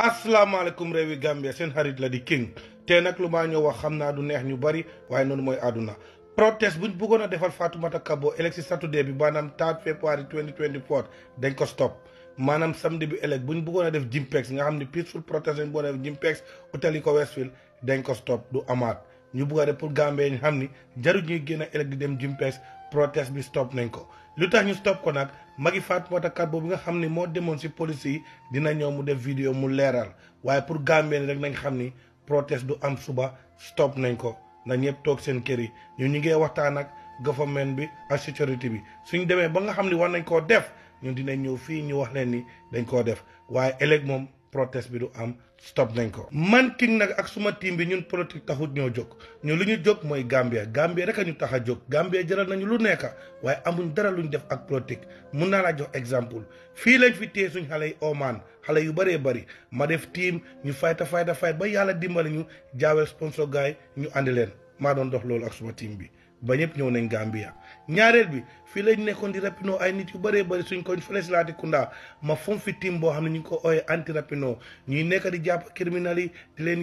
asalaamaaleykum réewi Gambia seen xarit la di king te nag lu maa ñëw wax xam naa du neex ñu bari waaye noonu mooy àdduna protest buñ bëggoon a defal Fatoumata Kabo élection saturday bi maanaam 3 février 2024 dañ ko stop maanaam samedi bi éleg buñ bëggoon a def jimpex nga xam ne peaceful protest lañ bëggoon a def jimpex utali ko Westfield dañ ko stop du amaat ñu bëgg a def pour Gambie ñu xam ni jarul ñuy génn éleg di dem jimpex protest bi stop nañ ko lu tax ñu stop ko nag Magi Fatoumata Karbo bi nga xam ni moo demoon si police yi dina ñëw mu def vidéo mu leeral waaye pour Gambien rek nañ xam ni protest du am suba stop nañ ko na ñëpp toog seen kër yi ñu ñu ngee waxtaan ak government bi ak sécurité bi suñ demee ba nga xam ni war nañ koo def ñun dinañ ñëw fii ñu wax leen ni dañ koo def waaye ëllëg moom protest bi du am stop nañ ko man king nag ak suma tiim bi ñun politique taxut ñoo jóg ñu lu ñu jóg mooy Gambia Gambia rek ñu tax a jóg Gambia jaral nañu lu nekka waaye amuñ dara luñ def ak politique mun naa laa jox exemple fii lañ fi téye suñ xale yi Oman xale yu bëree bari ma def team ñu fayta fayta fayta ba yàlla dimbali ñu jaawel sponsor gaay ñu àndi leen maa doon dox loolu ak suma team bi ba nañ Gambia ñaareel bi fii lañ nekkoon di rapino ay nit yu bëree bëri suñ koñ fële Kunda ma fom fi team boo xam ne ko ooyee anti rapino ñuy nekk di jàpp criminal yi di leen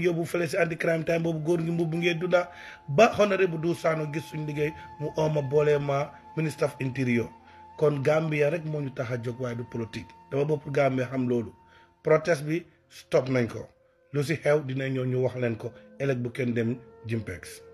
anti crime time boobu góor ngi mbubbu ngee dunda ba honorable Dou Sano gis suñ mu oma boolee ma minister of interior. kon Gambia rek moo ñu tax a jóg waaye du politique dama bopp Gambia xam loolu protest bi stop nañ ko lu si xew dina ñëw ñu wax ko bu kenn dem Jimpex